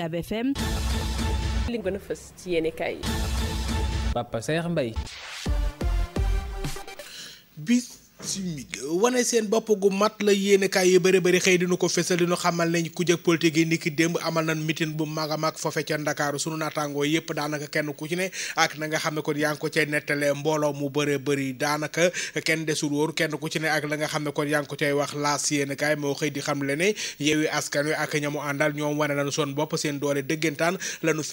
Ucab FM. li a fës ci yéene kaay yi. bis. simig wane seen bopp gu mat la yéenekaay yu bëri bëri xëy dinu ko fesal dinu xamal ne ku jëkk politique yi niki démb amal nañ mitin bu mag mag foofe ca Ndakaaru sunu naataangoo ko cay nettalee mbooloo mu bëri bëri ku ci la nga ne kon yaa ngi ko cay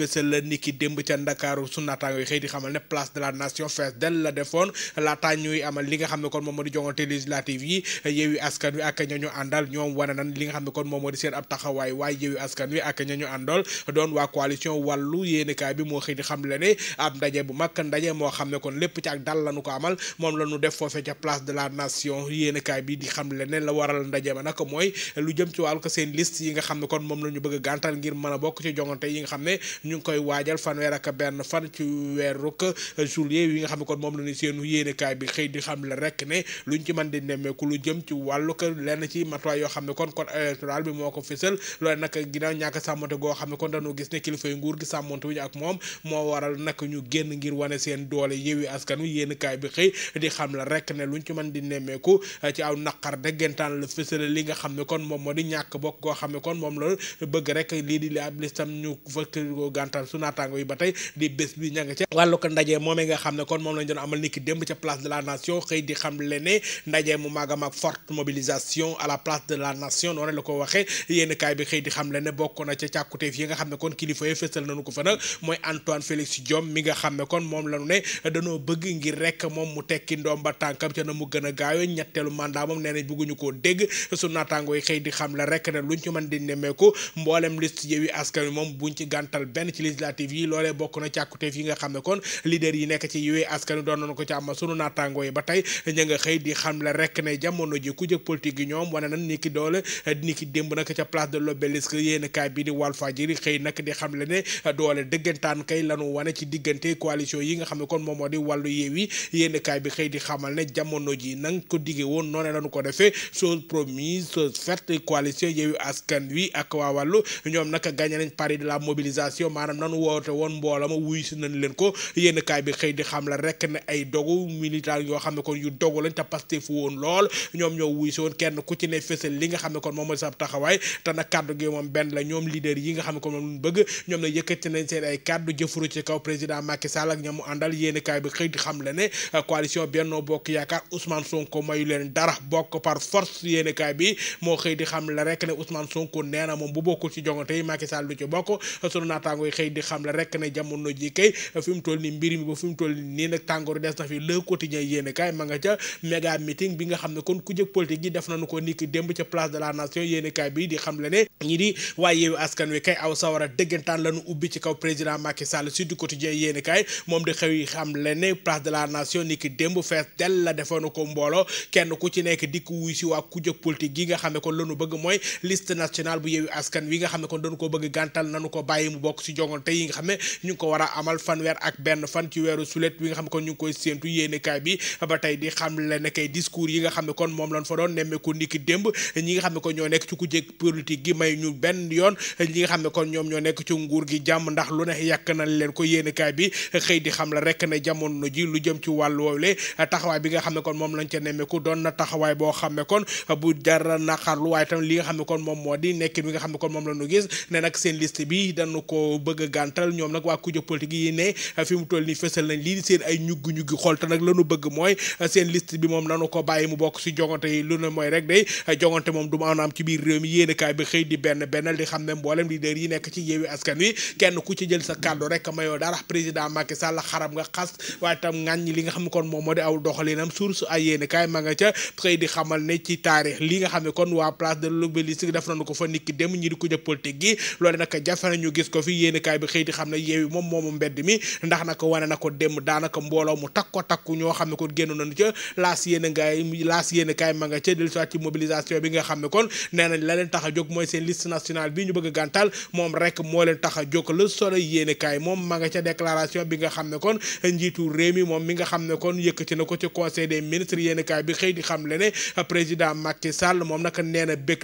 xëy di la niki démb ca Ndakaaru sunu naataangoo yi xëy di xamal ne place de la nation fees del la defoon laataa ñuy amal li nga xam kon moom jongante législative yi Yewwi Askan Wi ak ñañu àndal ñoom wane nan li nga xam ne kon moom moo ab taxawaay waaye Yewwi Askan Wi ak ñañu àndal doon waa coalition wàllu yéenekaay bi moo xëy di xam ne ab ndaje bu mag ndaje moo xam ne kon lépp ci ak dal lañu ko amal moom la ñu def foofee ca place de la nation yéenekaay bi di xam le ne la waral ndaje ma nag mooy lu jëm ci wàllu seen liste yi nga xam ne kon moom la ñu bëgg gàntal ngir mën a bokk ci jongante yi nga xam ne ñu ngi koy waajal fanweer ak benn fan ci weeruk juillet yi nga xam ne kon moom la ñu seenu yéenekaay bi xëy di xam le rek ne lu ñu ci man di nemmeeku lu jëm ci wàllu kër lenn ci matuwaay yoo xam ne kon code électoral bi moo ko fësal loolu nag ginnaaw ñàkk sàmmante goo xam ne kon dañoo gis ne kilifay nguur gi sàmmante wuñu ak moom moo waral nag ñu génn ngir wane seen doole yeewi askan wi yéen kaay bi xëy di xam la rek ne luñ ci mën di nemmeeku eh, ci aw naqar dëggantaan la fësal li nga xam ne kon moom moo di ñàkk bokk goo xam ne kon moom loolu bëgg rek lii di li ab listam su naataango yi ba tey di bés bi ña nga ca wàllu nga xam ne kon moom lañ doon amal démb ca place de la nation xëy di xam lene amee ndaje mu màgg a mag forte mobilisation à la place de la nation noonu la ko waxee yéen kaay bi xëy di xam le ne bokk na ca càkkuteef yi nga xam ne kon kilifa yi fësal ko fa nag mooy na mu gën a di xam la rek ne luñ ci mën di nemmeeku mboolem liste Yewwi Askan Wi moom buñ ci gàntal benn ci bokk na càkkuteef yi nga xam ne kon yi nekk ci Yewwi Askan Wi doon nañu ko ci am sunu naataangoo yi ba tey ña xëy di xam la rek ne jamono ji ku jëkk politique yi ñoom wane nan ni ki doole ni ki démb nag ca place de l'obélisque yéen kaay bi di Walfadjri xëy nag di xam le ne doole dëggantaan kay lanu wane ci diggante coalition yi nga xam ne kon yeewi askan wi ak waa wàllu ñoom nag gagné nañ pari de la mobilisation maanaam nanu woote woon mboolama wuy si nañ leen ko yéen kaay bi xëy di xam rek ne ay dogu militant yoo xam kon yu dogu lañ Pastef woon lool ñoom ñoo wuy si woon kenn ku ci ne fësal li nga xam ne kon moom mooy bi xëy di xam le ne euh, moo xëy di xam le rek ne Ousmane Sonko nee na jamono ji kay fi toll ni mbir mi ba fi mu toll nii nag tàngoor des na fi le quotidien yéen kaay ma nga méga meeting bi nga xam ne kon ku jëkk politique yi def nañu ko ni démb ca place de la nation yéeni kaay bi di xam le ne ñi di waaye yeewu askan wi kay aw sawara dëggantaan lañu ubbi ci kaw président Macky ne de la nation ni kenn ku ci nekk dikk wuy si waa ku jëkk politique yi xam ne kon lañu bëgg mooy liste nationale bu yeewu wi nga xam ne kon dañu ko bëgg gàntal nañu ko bàyyi mu bokk si jongante yi nga xam ne ñu ngi ko war a amal fanweer ak benn fan xam ne kon ñu ngi koy séentu yéeni bi ba tey di xam le ne kay discours yi nga xam ne kon moom lañ fa doon nemmeeku niki démb ñi nga ne kon ñoo nekk ku jéeg politique gi may ñu benn yoon ñi nga xam ne kon ñoom ñoo nekk ci nguur gi jàmm ndax lu ne yàq na leen ko yéenekaay bi xëy di xam la rek ne jamono ji lu jëm ci wàllu woowule taxawaay bi nga xam ne kon moom lañ ca nemmeeku doon na taxawaay boo xam ne kon bu dara naqarlu waaye tam li nga xam ne kon moom moo di nekk bi nga xam ne kon moom la ñu gis ne nag seen liste bi dañu ko bëgg a gàntal ñoom nag waa kujje politique yi ne fi mu toll ni fësal nañ lii di seen ay ñuggi-ñuggi xool te nag lañu bëgg mooy seen list bi moom moom nanu ko bàyyi mu bokk si jongante yi lu ne mooy rek day jongante moom du maanaam am biir réew mi yéen kaay bi xëy di benn bennal di xam ne mboolem leader yi nekk ci yeewi askan wi kenn ku ci jël kàddu rek mayoo dara président Macky Sall xaram nga xas waaye tam ŋàññi li nga xam ne kon moom moo di aw doxalinam source ay yéen kaay ma nga ca xëy di xamal ne ci taarix li nga xam ne kon waa place de l'Obélisque def nañu ko fa nit dem ñi di ko jëpp politique gi loolu nag jafe na ñu gis ko fi yéen bi xëy di xam ne yeewi moom moomu mbedd mi ndax nag wane na ko dem daanaka mbooloo mu takko takku ñoo xam ne ko génn nañu ca laas yéen ngaay laas yéen kaay ma nga ca dellu soit ci mobilisation bi nga xam ne kon nee a bëgg a a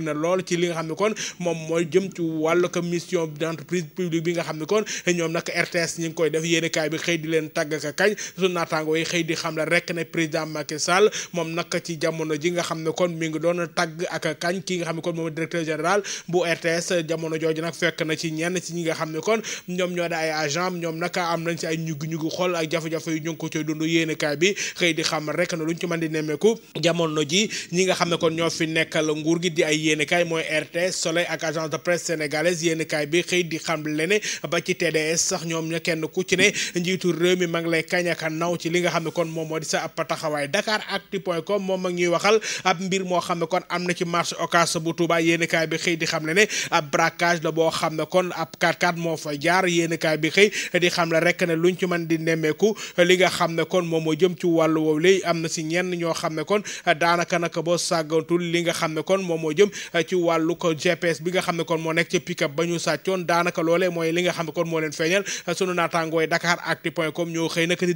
na lool ci li nga xam ne kon moom mooy jëm ci wàllu mission d'entreprise publique bi nga xam ne kon ñoom nag RTS ñi ngi koy def yéen kaay bi xëy di leen tàgg ka kañ su naataango xëy di xam la rek ne président Macky Sall moom nag ci jamono ji nga xam ne kon mi ngi doon tagg ak kañ ki nga xam ne kon moom directeur général bu RTS jamono jooju nag fekk na ci ñenn ci ñi nga xam ne kon ñoom ñoo ay agent ñoom nag am nañ ci ay ñugu-ñugu xool ak yu ñu ngi ko dund yéenekaay bi xëy di xam rek na luñ ci mën di nemmeeku jamono ji ñi nga xam ne kon ñoo fi nekkal nguur gi di ay yéenekaay mooy RTS Soleil ak agence de presse sénégalaise yéenekaay bi xëy di xam lene ba ci TDS sax ñoom ña kenn ku ci ne njiitu réew mi ma ngi lay kañ ak naw ci li nga xam ne kon moom moo di sa app taxawaay Dakar ak actu point moom mag ñuy waxal ab mbir moo xam ne kon am na ci marché Ocass bu Touba yéenekaay bi xëy di xam ne ne ab braquage la boo xam ne kon ab 4 x moo fa jaar yéenekaay bi xëy di xam ne rek ne luñ ci mën di nemmeeku li nga xam ne kon moom moo jëm ci wàllu woowu léegi am na si ñenn ñoo xam ne kon daanaka naka boo sàggantul li nga xam ne kon moom moo jëm ci wàllu ko GPS bi kon moo nekk ba ñu sàccoon daanaka loolee mooy li nga xam ne kon moo leen feeñal sunu naataangooy Dakar actu point com ñoo xëy naka di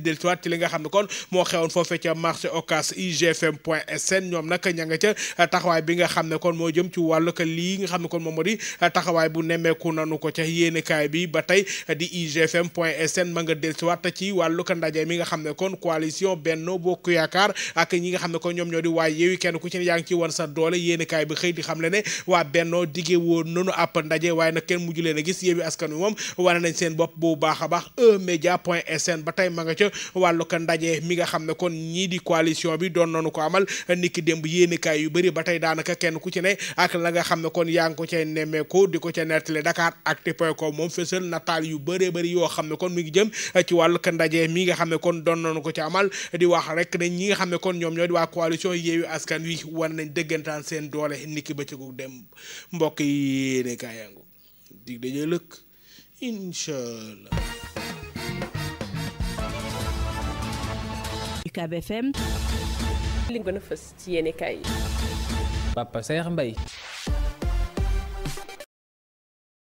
li nga xam ne kon moo xewoon foofee ca marché Ocass igfm point sn ñoom nag ña nga ca taxawaay bi nga xam ne kon moo jëm ci wàllu que lii nga xam ne kon moom moo di taxawaay bu nemmeeku nanu ko ca yéenekaay bi ba tey di igfm point sn ma nga dellusiwaat ci wàllu ndaje mi nga xam ne kon coalition Benno Bokk Yaakaar ak ñi nga xam ne kon ñoom ñoo di waa Yewwi kenn ku ci yaa ngi ci wan sa doole yéenekaay bi xëy di xam le ne waa Benno diggee woon nanu àpp ndaje waaye nag kenn mujj leen a gis Yewwi Askan Wi moom wane nañ seen bopp bu baax a baax eMédia point sn ba tey ma nga ca wàllu que ndaje mi nga xam ne kon ñii di coalition bi bi doon nañu ko amal niki démb yéenekaay yu bari ba tey daanaka kenn ku ci ne ak la nga xam ne kon yaa ngi ko cay nemmeeku di ko ca nettali Dakaractu point com moom fësal nataal yu bëree bari yoo xam ne kon mu ngi jëm ci wàllu ndaje mi nga xam ne kon doon nanu ko ci amal di wax rek ne ñi nga xam ne kon ñoom ñoo di waa coalition Yewwi Askan Wi war nañ dëggantaan seen doole niki ba ci gu dem mbokk yi yéenekaay yangu dig daje lëkk inchaallah li gën a fës ci yéenekaay kaay Papa Saer Mbaye